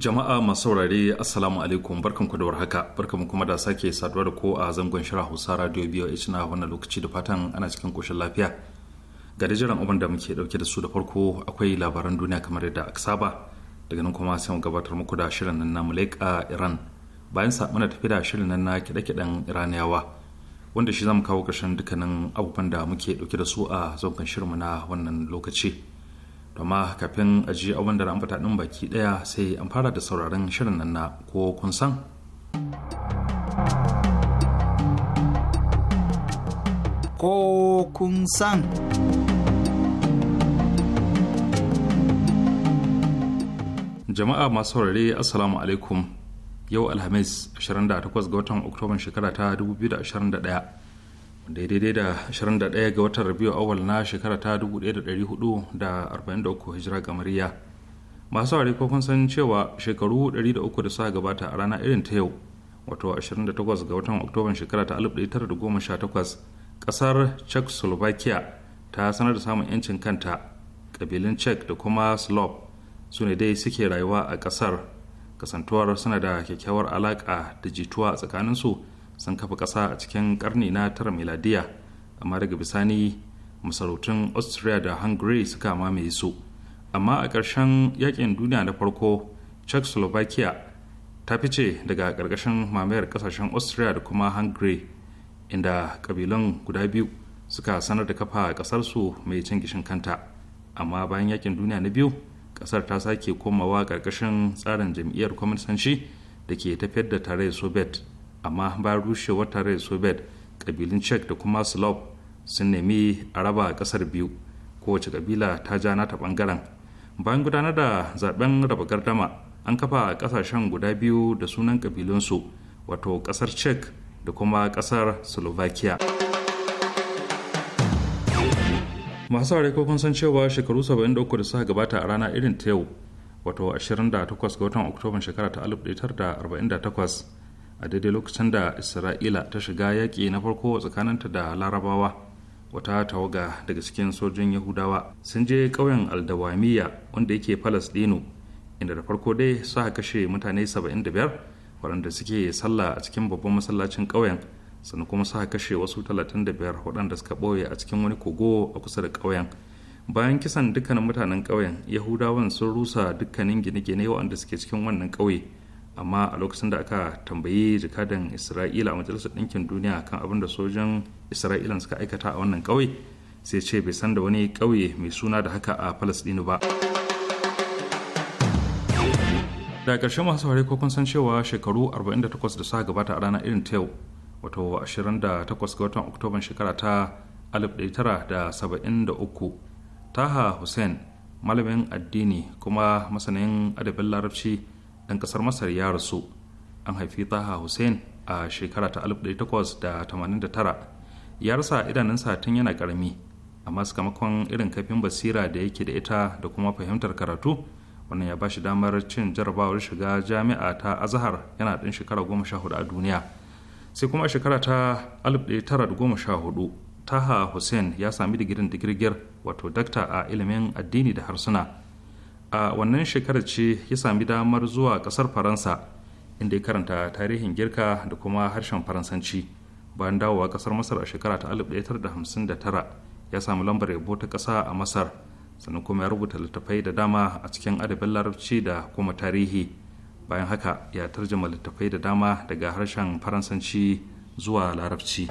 Jama'a masu saurare Assalamu alaikum ku da warhaka barkanku kuma da sake saduwa da ko a zangon shirin Hausa Radio BOH na wannan lokaci da fatan ana cikin koshin lafiya. Ga dajiran abin da muke dauke da su da farko akwai labaran duniya kamar yadda aka saba daga nan kuma sai mu gabatar muku da shirin nan na Mulaika Iran bayan sa muna tafi da shirin nan na kiɗe-kiɗen Iraniyawa wanda shi zamu kawo ƙarshen dukkanin abubuwan da muke dauke da su a zangon shirinmu na wannan lokaci. to kafin a ji abin da ramfata ɗin baki ɗaya sai an fara da sauraron shirin nan na ko kun san ko kun san jama'a masu saurari assalamu alaikum yau alhamis 28 ga watan oktoban shekara ta 2021 daidai da 21 ga watan rabiu awal na shekara ta 1443 hijira gamariya masu ware ko kun san cewa shekaru 300 da suka gabata a rana irin ta yau wato 28 ga watan oktoban shekara ta 1918 kasar czechoslovakia ta sanar da samun 'yancin kanta kabilin czech da kuma slob su ne dai suke rayuwa a kasar kasantuwar suna da kyakkyawar alaka da jituwa tsakaninsu sun kafa ƙasa a cikin ƙarni na tara miladiya amma daga bisani masarautun austria da hungary suka mamaye su amma a ƙarshen yakin duniya na farko czechoslovakia ta fice daga ƙarƙashin mamayar ƙasashen austria da kuma hungary inda ƙabilun guda biyu suka sanar da kafa ƙasarsu mai cin gishin kanta amma bayan yakin duniya na biyu ƙasar ta sake komawa ƙarƙashin tsarin jam'iyyar kwamitanci da ke tafiyar da tare soviet amma bayan rushewar rai soviet kabilun czech da kuma slav sun nemi a raba kasar biyu kowace kabila ta ja ta bangaren bayan gudanar da zaben raba gardama an kafa kasashen guda biyu da sunan kabilunsu wato kasar czech da kuma kasar slovakia masu saurari ko san cewa shekaru 73 da suka gabata a rana irin ta yau wato 28 ga watan oktoban shekara ta 1948 a daidai lokacin da isra'ila ta shiga yaƙi na farko tsakaninta da larabawa wata tawaga daga cikin sojin yahudawa sun je ƙauyen aldawamiya wanda yake falasɗinu inda da farko dai suka kashe mutane 75 waɗanda suke sallah a cikin babban masallacin ƙauyen sannan kuma suka kashe wasu 35 waɗanda suka ɓoye a cikin wani kogo a kusa da ƙauyen bayan kisan dukkanin mutanen ƙauyen yahudawan sun rusa dukkanin gine-gine waɗanda suke cikin wannan ƙauye amma a lokacin da aka tambayi jakadan isra'ila a majalisar ɗinkin duniya kan abin da sojan isra'ila suka aikata a wannan ƙauye sai ce bai san da wani ƙauye mai suna da haka a falasɗinu ba da ƙarshe masu saurari ko kun san cewa shekaru 48 da suka gabata a ranar irin ta yau wato 28 ga watan oktoban shekara ta 1973 taha hussein malamin addini kuma masanin adabin larabci ɗan ƙasar masar ya rasu an haifi taha hussein a shekara ta 1889 ya rasa idanunsa tun yana ƙarami amma sakamakon irin kafin basira da yake da ita da kuma fahimtar karatu wannan ya ba shi damar cin jarabawar shiga jami'a ta azahar yana ɗan shekara goma sha hudu a duniya sai kuma a shekara ta 1914 taha hussein ya sami digirin digirgir wato dakta a ilimin addini da harsuna a wannan shekarar ce ya sami damar zuwa kasar faransa inda ya karanta tarihin girka da kuma harshen faransanci bayan dawowa kasar masar a shekara ta 1959 ya sami lambar yabo ta kasa a masar sannan kuma ya rubuta littattafai da dama a cikin adabin larabci da kuma tarihi bayan haka ya tarjama littattafai da dama daga harshen faransanci zuwa larabci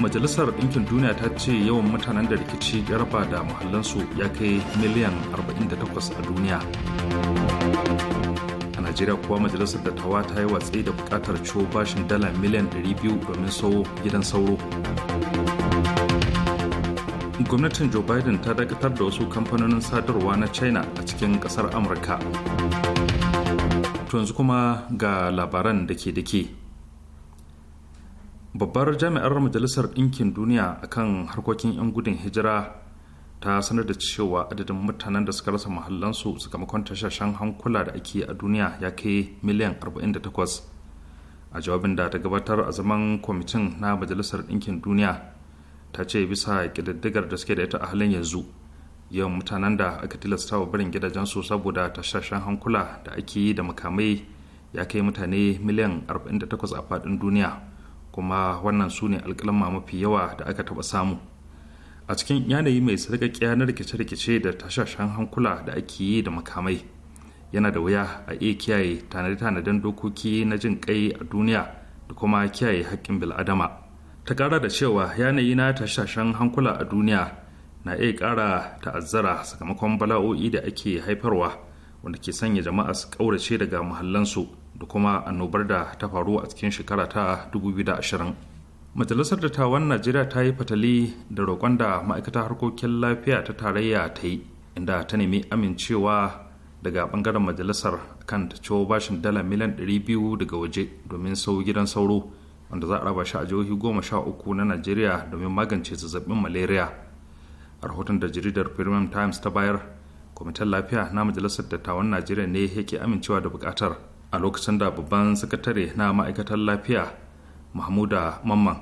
majalisar ɗinkin duniya ta ce yawan mutanen da rikici ya raba da muhallansu ya kai miliyan 48 a duniya a najeriya kuwa majalisar dattawa ta yi watsi da buƙatar ciwo bashin dala miliyan 200 domin sauro gidan sauro gwamnatin joe biden ta dakatar da wasu kamfanonin sadarwa na china a cikin ƙasar amurka to yanzu kuma ga labaran da ke da babbar jami'ar majalisar ɗinkin duniya akan harkokin 'yan gudun hijira ta sanar da cewa adadin mutanen da suka rasa mahallansu sakamakon tashashen hankula da ake a duniya ya kai miliyan 48 a jawabin da ta gabatar a zaman kwamitin na majalisar ɗinkin duniya ta ce bisa ƙididdigar da suke da ita a halin yanzu yawan mutanen da aka tilasta wa barin gidajensu saboda tashashen hankula da ake yi da makamai ya kai mutane miliyan 48 a faɗin duniya kuma wannan su ne alƙalama mafi yawa da aka taɓa samu a cikin yanayi mai sarƙaƙiya na rikice-rikice da tashashen hankula da ake yi da makamai yana da wuya a iya kiyaye tanade-tanaden dokoki na jin kai a duniya da kuma kiyaye haƙƙin bil'adama ta ƙara da cewa yanayi na tashashen hankula a duniya na iya ƙara ta'azzara sakamakon bala'o'i da ake haifarwa wanda ke sanya jama'a su ƙaurace daga muhallansu da kuma annobar da ta faru a cikin shekara ta 2020 majalisar dattawan najeriya ta yi fatali da roƙon da ma'aikatar harkokin lafiya ta tarayya ta yi inda ta nemi amincewa daga bangaren majalisar kan ta ciwo bashin dala miliyan 200 daga waje domin sau gidan sauro wanda za a raba shi a jihohi goma sha uku na najeriya domin magance zazzabin malaria a rahoton da jaridar premium times ta bayar kwamitin lafiya na majalisar dattawan najeriya ne yake amincewa da bukatar a lokacin da babban sakatare na ma'aikatar lafiya mahmuda mamman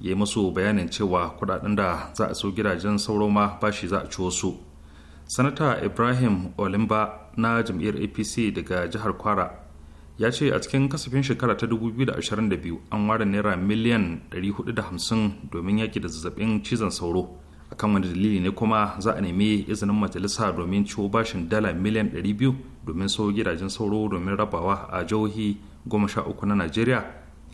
ya yi masu bayanin cewa kudaden da za a so gidajen sauro ma shi za a ciwo su. sanata ibrahim olimba na jam'iyyar apc daga jihar kwara ya ce a cikin kasafin shekara ta 2022 an ware naira miliyan 450 domin yaki da zazzabin cizon sauro akan wani dalili ne kuma za a nemi izinin majalisa domin ciwo bashin dala miliyan 200 domin so gidajen sauro domin rabawa a jihohi goma sha uku na najeriya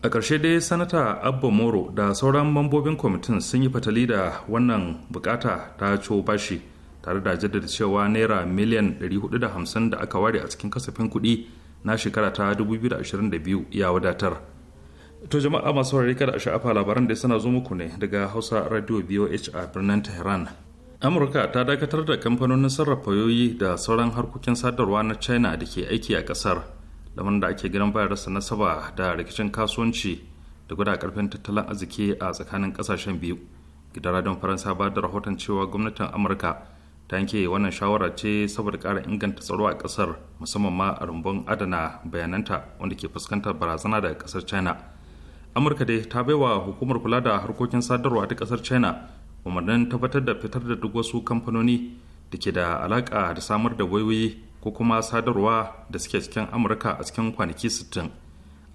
a ƙarshe dai sanata abba moro da sauran mambobin kwamitin sun yi fatali da wannan bukata ta ciwo bashi tare da jaddada cewa naira miliyan 450 da aka ware a cikin kasafin kuɗi na shekara ta 2022 ya wadatar to jama'a masu kada a sha'afa labaran da suna zo muku ne daga hausa radio voh a birnin tehran amurka ta dakatar da kamfanonin sarrafa yoyi da sauran harkokin sadarwa na china da ke aiki a kasar lamarin da ake ganin bayar da nasaba da rikicin kasuwanci da guda karfin tattalin arziki a tsakanin kasashen biyu gidan radon faransa ba da rahoton cewa gwamnatin amurka ta yanke wannan shawara ce saboda ƙara inganta tsaro a kasar musamman ma a rumbun adana bayananta wanda ke fuskantar barazana daga kasar china amurka dai ta baiwa hukumar kula da harkokin sadarwa ta kasar china umarnin tabbatar da fitar da duk wasu kamfanoni da ke da alaƙa da samar da wayoyi ko kuma sadarwa da suke cikin amurka a cikin kwanaki 60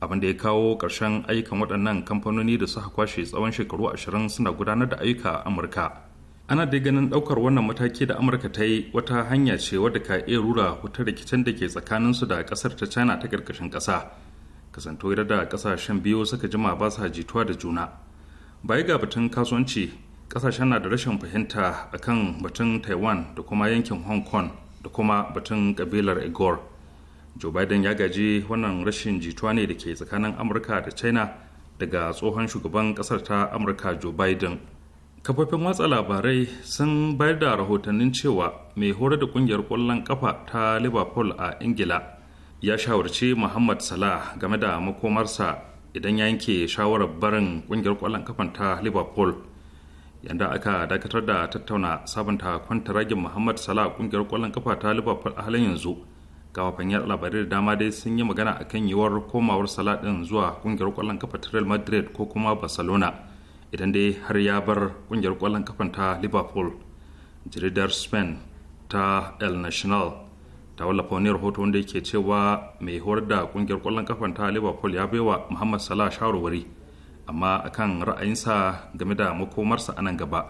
abin da ya kawo ƙarshen ayyukan waɗannan kamfanoni da suka kwashe tsawon shekaru 20 suna gudanar da ayyuka a amurka ana dai ganin ɗaukar wannan mataki da amurka ta yi wata hanya ce wadda ka iya rura wata rikicin da ke tsakaninsu da ƙasar ta china ta ƙarƙashin ƙasa kasanto da ƙasashen biyu suka jima ba sa jituwa da juna baya ga batun kasuwanci kasashen na da rashin fahimta kan batun taiwan da kuma yankin hong kong da kuma batun kabilar igor joe biden ya gaji wannan rashin jituwa ne da ke tsakanin amurka da china daga tsohon shugaban kasar ta amurka joe biden kafofin watsa labarai sun bayar da rahotannin cewa mai horar da kungiyar kwallon kafa ta liverpool a ingila ya shawarci muhammad salah game da makomarsa idan ya yanke shawarar barin kungiyar kwallon kafan ta liverpool yanda aka dakatar da tattauna sabunta ragin muhammad salah kungiyar kwallon kafa ta liverpool a halin yanzu kafafen yada labarai da dama dai sun yi magana a kan yiwuwar komawar salah din zuwa kungiyar kwallon kafa ta real madrid ko kuma barcelona idan dai har ya bar kungiyar kwallon kafan ta liverpool jaridar spain ta el national ta wallafa wani rahoto wanda yake cewa mai horar da kungiyar kwallon kafan ta liverpool ya baiwa muhammad salah shawarwari amma akan ra'ayinsa game da makomarsa a nan gaba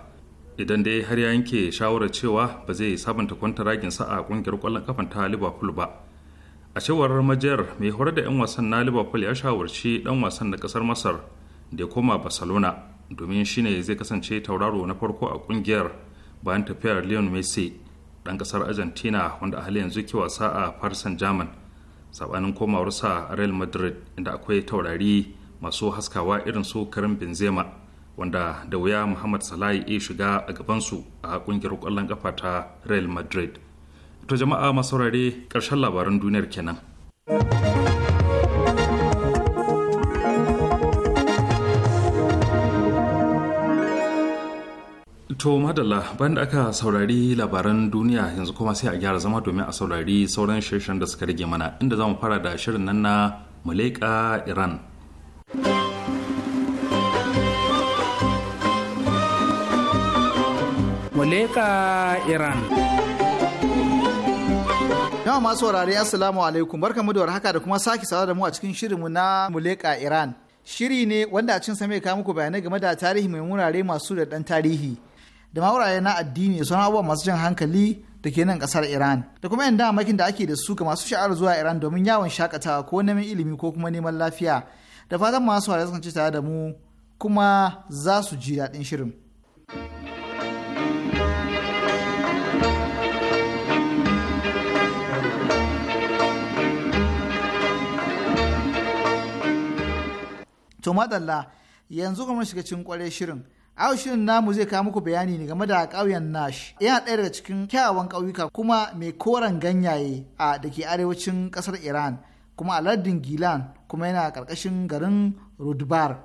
idan dai har ya yanke shawarar cewa ba zai sabunta kwantaraginsa a kungiyar kwallon kafan ta liverpool ba a cewar majiyar mai horar da 'yan wasan na liverpool ya shawarci dan wasan na kasar masar da ya koma barcelona domin shine zai kasance tauraro na farko a kungiyar bayan tafiyar leon messi dan kasar argentina wanda a halin yanzu ke wasa a farsan german sabanin komawarsa a real madrid inda akwai taurari masu haskawa irin su karin benzema wanda da wuya muhammad salah ya shiga a gabansu a kungiyar kwallon kafa ta real madrid to jama'a masaurare karshen labaran duniyar kenan To madalla bayan da aka saurari labaran duniya yanzu kuma sai a gyara zama domin a saurari sauran shirin da suka rage mana inda za mu fara da shirin nan na Muleka Iran. Muleka Iran. Yawan masu wurare Assalamu alaikum barkamu da warhaka da kuma sake sawa da mu a cikin shirinmu na Muleka Iran. Shiri ne wanda a cin same mai muku bayanai game da tarihi mai wurare masu da dan tarihi. Da ma wurare na addini sun abubuwa masu jan hankali da ke nan kasar Iran. Da kuma yan damakin da ake da su ga masu sha'ar zuwa Iran domin yawon shakatawa ko neman ilimi ko kuma neman lafiya. da fatan masu wari sun ci tare da mu kuma za su ji daɗin shirin. To madalla yanzu kuma shiga cikin kwarai shirin. Au shirin namu zai kawo muku bayani ne game da ƙauyen Nash. Yana ɗaya daga cikin kyawawan ƙauyuka kuma mai koren ganyaye a da ke arewacin ƙasar Iran. kuma a lardin gilan kuma yana a ƙarƙashin garin rudbar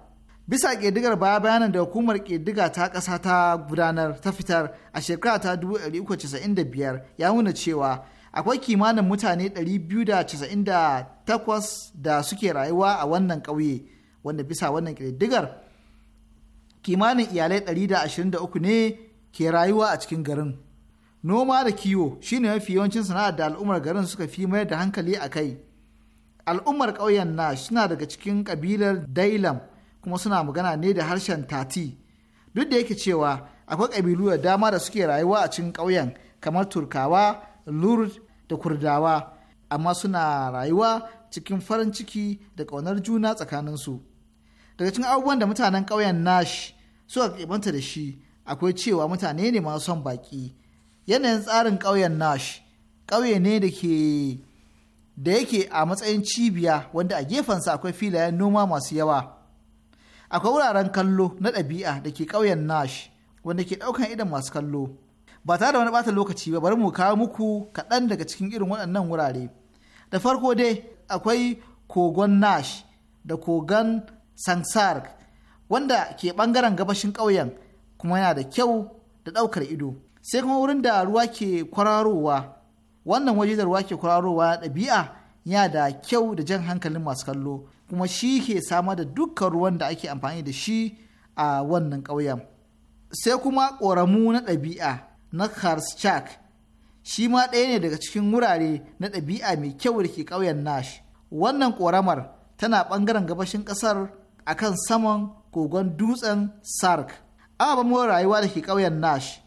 bisa ƙirdigar baya bayanan da hukumar ƙirdiga ta ƙasa ta gudanar ta fitar a shekara ta 1995 ya nuna cewa akwai kimanin mutane 298 da suke rayuwa a wannan ƙauye wanda bisa wannan ƙididdigar kimanin iyalai 123 ne ke rayuwa a cikin garin noma da kiwo shine mafi yawancin sana'ar da al'ummar garin suka fi mayar da hankali a kai al'ummar ƙauyen na suna daga cikin ƙabilar dailam kuma suna magana ne da harshen tati duk da yake cewa akwai ƙabilu da dama da suke rayuwa a cikin ƙauyen kamar turkawa lurd da kurdawa amma suna rayuwa cikin farin ciki da ƙaunar juna tsakaninsu daga cikin abubuwan da mutanen ƙauyen nash suka kebanta da shi akwai cewa mutane ne masu son baƙi yanayin tsarin ƙauyen nash ƙauye ne da ke da yake a matsayin cibiya wanda a gefensa akwai filayen noma masu yawa akwai wuraren kallo na ɗabi'a da ke ƙauyen nash wanda ke ɗaukan idan masu kallo ba tare da wani bata lokaci ba bari mu kawo muku kaɗan daga cikin irin waɗannan wurare da farko dai akwai kogon nash da kogon sansar wanda ke ɓangaren gabashin ƙauyen kuma yana da kyau da ɗaukar ido sai kuma wurin da ruwa ke kwararowa wannan waje da ruwa ke kwararowa ɗabi'a ya da kyau da jan hankalin masu kallo kuma shi ke samar da dukkan ruwan da ake amfani da shi a wannan ƙauyen sai kuma ƙoramu na ɗabi'a na karschak shi ma ɗaya ne daga cikin wurare na ɗabi'a mai kyau da ke ƙauyen nash wannan ƙoramar tana ɓangaren gabashin ƙasar akan saman kogon dutsen sark ababen rayuwa da ke ƙauyen nash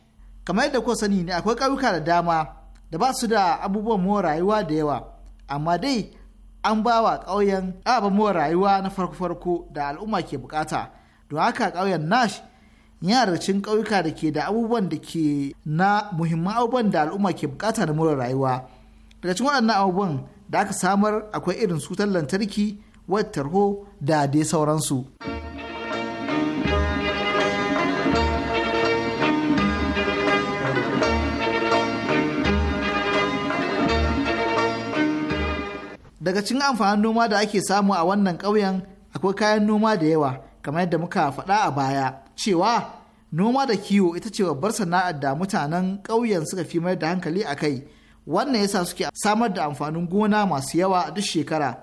kamar yadda ko sani ne akwai ƙauyuka da dama da ba su da abubuwan more rayuwa da yawa amma dai an ba wa ƙauyen abin more rayuwa na farko-farko da al'umma ke bukata don haka ƙauyen nash yana da cikin ƙauyuka da ke da abubuwan da ke na muhimman abubuwan da al'umma ke bukata na more rayuwa daga cikin waɗannan abubuwan da aka samar akwai irin su lantarki wayar tarho da dai sauransu. daga cikin amfanin noma da ake samu a wannan ƙauyen akwai kayan noma da yawa kamar yadda muka faɗa a baya cewa noma da kiwo ita ce babbar sana'ar da mutanen ƙauyen suka fi mayar da hankali a kai wannan yasa suke samar da amfanin gona masu yawa duk shekara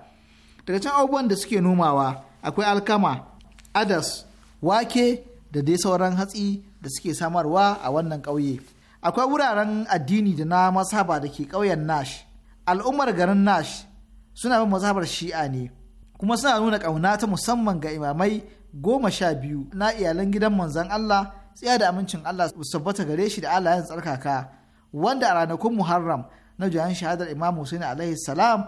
daga can abubuwan da suke nomawa akwai alkama adas wake da dai sauran hatsi da suke samarwa a wannan ƙauye akwai wuraren addini da na masaba da ke ƙauyen nash al'ummar garin nash suna bin mazhabar shi'a ne kuma suna nuna ƙauna ta musamman ga imamai goma sha biyu na iyalan gidan manzon Allah tsaya da amincin Allah su tabbata gare shi da Allah ya tsarkaka wanda a ranakun Muharram na juyan shahadar Imam Hussein alaihi salam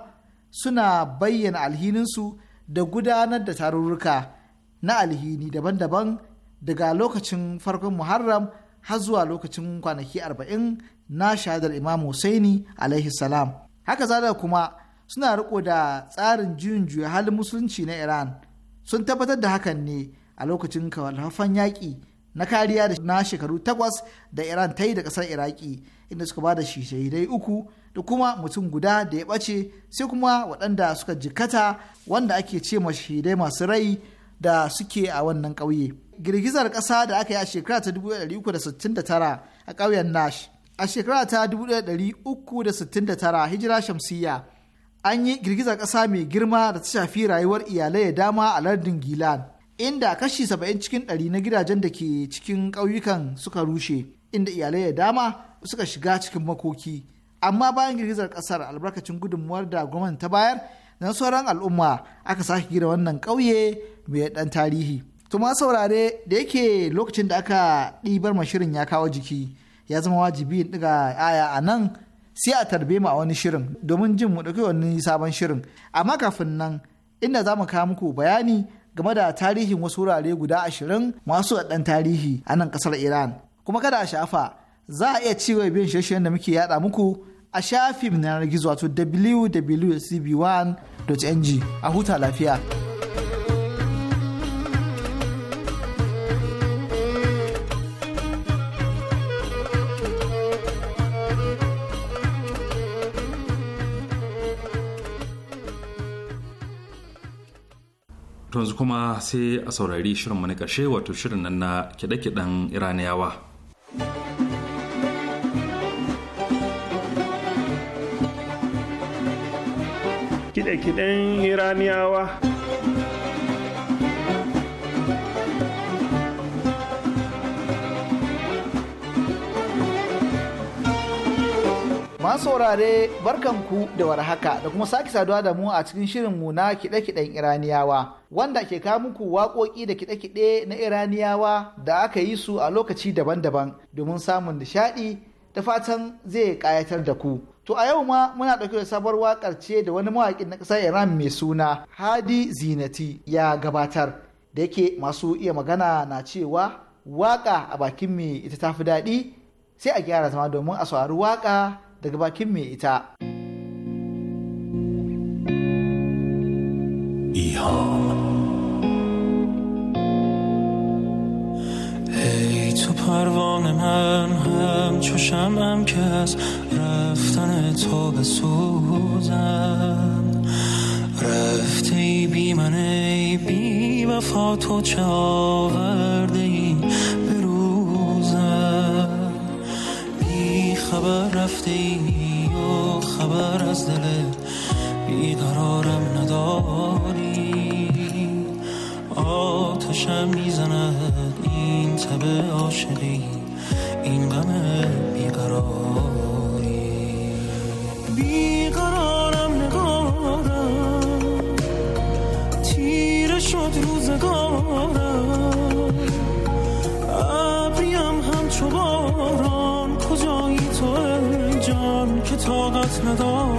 suna bayyana alhininsu da gudanar da tarurruka na alhini daban-daban daga lokacin farkon Muharram har zuwa lokacin kwanaki arba'in na shahadar Imam Hussein alaihi salam. Haka zalika kuma suna riko da tsarin juyin juya halin musulunci na iran sun tabbatar da hakan ne a lokacin kawalhafan yaƙi na kariya da na shekaru takwas da iran ta yi da ƙasar iraki inda suka ba da shahidai uku da kuma mutum guda da ya ɓace sai kuma waɗanda suka jikkata wanda ake ce ma shahidai masu rai da suke a wannan ƙauye girgizar ƙasa da aka yi a shekara ta 1369 a ƙauyen nash a shekara ta 1369 hijira shamsiyya an yi girgizar ƙasa mai girma da ta shafi rayuwar iyalai da dama a lardin gilan inda kashi saba'in cikin ɗari na gidajen da ke cikin ƙauyukan suka rushe inda iyalai da dama suka shiga cikin makoki amma bayan girgizar ƙasar albarkacin gudunmuwar da gwamnati ta bayar na sauran al'umma aka sake gina wannan ƙauye mai ɗan tarihi to ma saurare da yake lokacin da aka ɗibar mashirin ya kawo jiki ya zama wajibi ɗiga aya a nan sai a tarbe mu a wani shirin domin jin mu ɗauki wani sabon shirin amma kafin nan inda za mu kawo muku bayani game da tarihin wasu wurare guda ashirin masu ɗan tarihi a nan ƙasar iran kuma kada a shafa za a iya cewa biyan shirye-shiryen da muke yada muku a shafin na gizo wato www.cb1.ng a huta lafiya. yanzu kuma sai a saurari shirin na ƙarshe wato shirin nan na kiɗe-kiɗen Iraniyawa. Kiɗe-kiɗen Iraniyawa. Masu saurare barkanku da warhaka da kuma sake saduwa da mu a cikin shirinmu na kiɗe-kiɗen Iraniyawa wanda ke kawo muku waƙoƙi da kiɗe-kiɗe na Iraniyawa da aka yi su a lokaci daban-daban domin samun nishaɗi da fatan zai ƙayatar da ku. To a yau ma muna ɗauke da sabuwar waƙar ce da wani mawaƙi na ƙasar Iran mai suna Hadi Zinati ya gabatar da yake masu iya magana na cewa waƙa a bakin mai ita tafi daɗi sai a gyara zama domin a saurari waƙa daga bakin mai ita. ای تو پروانه من همچوشم هم که از رفتن تو بسوزم رفتی بی من ای بی وفا تو چه آورده خبر رفته ای و خبر از دل بیقرارم نداری آتشم میزند این تب عاشقی این غم بیقرار co doc na dole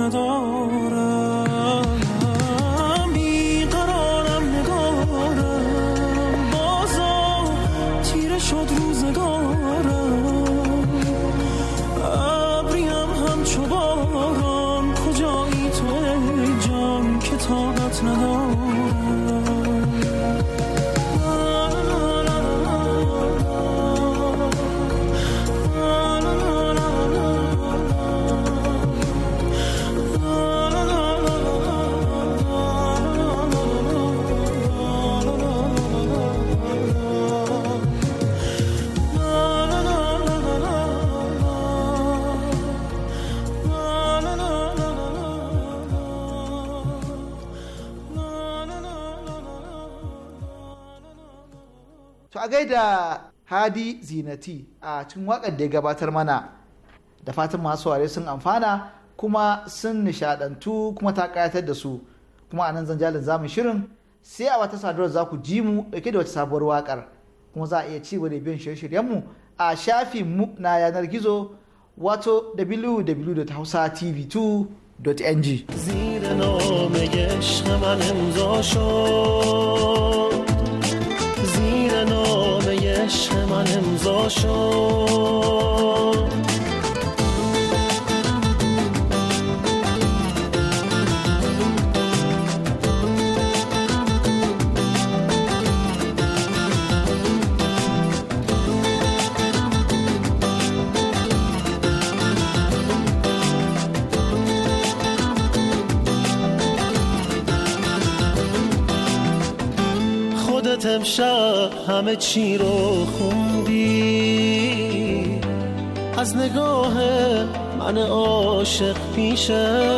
ندارم بیقرارم نگارم بازم تیره شد روزگار da hadi zinati a cikin waƙar da ya gabatar mana da fatan masu ware sun amfana kuma sun nishadantu kuma ta ƙayatar da su kuma a nan zanjalin zamun shirin sai a wata sadarwar za ku ji mu ɗauke da wata sabuwar waƙar kuma za a iya ci da biyan shirye mu a shafin mu na yanar gizo wato www.hausatv2.ng زیر نام گشت من امضا شد عشق من امضا شد امشب همه چی رو خوندی از نگاه من عاشق پیشه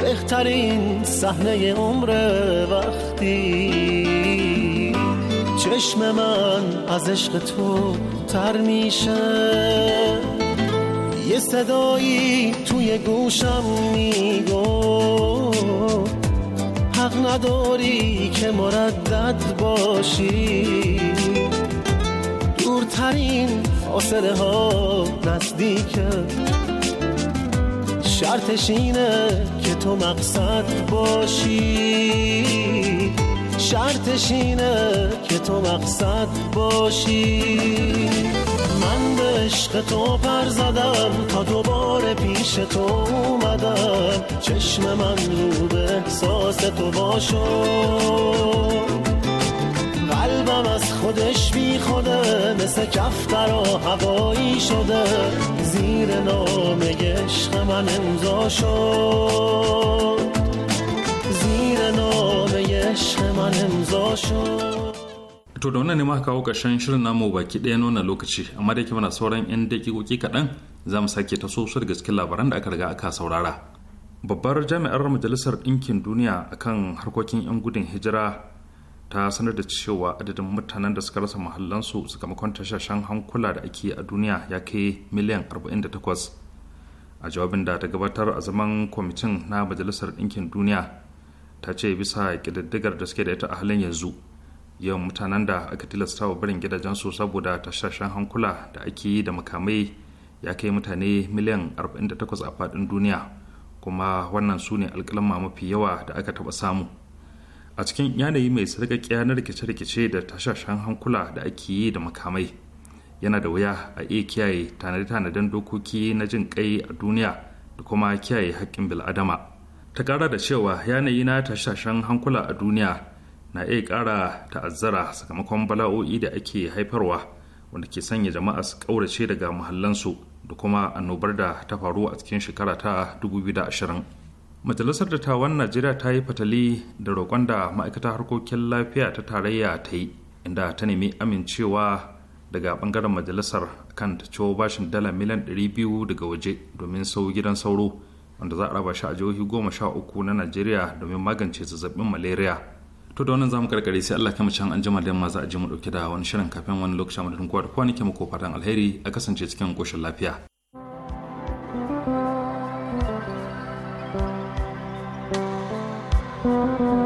بهترین صحنه عمر وقتی چشم من از عشق تو تر میشه یه صدایی توی گوشم میگو حق نداری که مردد باشی دورترین فاصله ها نزدیک شرطش اینه که تو مقصد باشی شرطش اینه که تو مقصد باشی عشق تو پر زدم تا دوباره پیش تو اومدم چشم من رو به احساس تو باشو قلبم از خودش بی خوده مثل کفتر و هوایی شده زیر نام عشق من امضا شد زیر نام عشق من امضا شد to da wannan ne muka kawo ƙarshen shirin namu baki ɗaya nuna lokaci amma da ke mana sauran 'yan dakikoki kaɗan za mu sake taso su daga cikin labaran da aka riga aka saurara babbar jami'ar majalisar ɗinkin duniya akan harkokin 'yan gudun hijira ta sanar da cewa adadin mutanen da suka rasa mahallansu sakamakon tashashen hankula da ake a duniya ya kai miliyan 48 a jawabin da ta gabatar a zaman kwamitin na majalisar ɗinkin duniya ta ce bisa ƙididdigar da suke da ita a halin yanzu yawan mutanen da aka tilasta wa barin gidajensu saboda tashashen hankula da ake yi da makamai ya kai mutane miliyan 48 a faɗin duniya kuma wannan su ne alkalama mafi yawa da aka taɓa samu a cikin yanayi mai sarƙaƙiya na rikice-rikice da tashashen hankula da ake yi da makamai yana da wuya a iya kiyaye tanade-tanaden dokoki na jin kai a duniya da kuma kiyaye haƙƙin bil'adama ta ƙara da cewa yanayi na tashashen hankula a duniya na iya ƙara ta'azzara sakamakon bala'o'i da ake haifarwa wanda ke sanya jama'a su ƙaurace daga muhallansu da kuma annobar da ta faru a cikin shekara ta 2020 majalisar dattawan najeriya ta yi fatali da roƙon da ma'aikatar harkokin lafiya ta tarayya ta yi inda ta nemi amincewa daga bangaren majalisar kan ta ciwo bashin dala miliyan 200 daga waje domin sau gidan sauro wanda za a raba shi a jihohi goma sha uku na najeriya domin magance zazzabin malaria to da wannan zamu karkare sai Allah kama can an jima da yamma za a je mu dauke da wani shirin kafin wani lokaci mu dinkuwa da kwanake mu ko fatan alheri a kasance cikin koshin lafiya thank you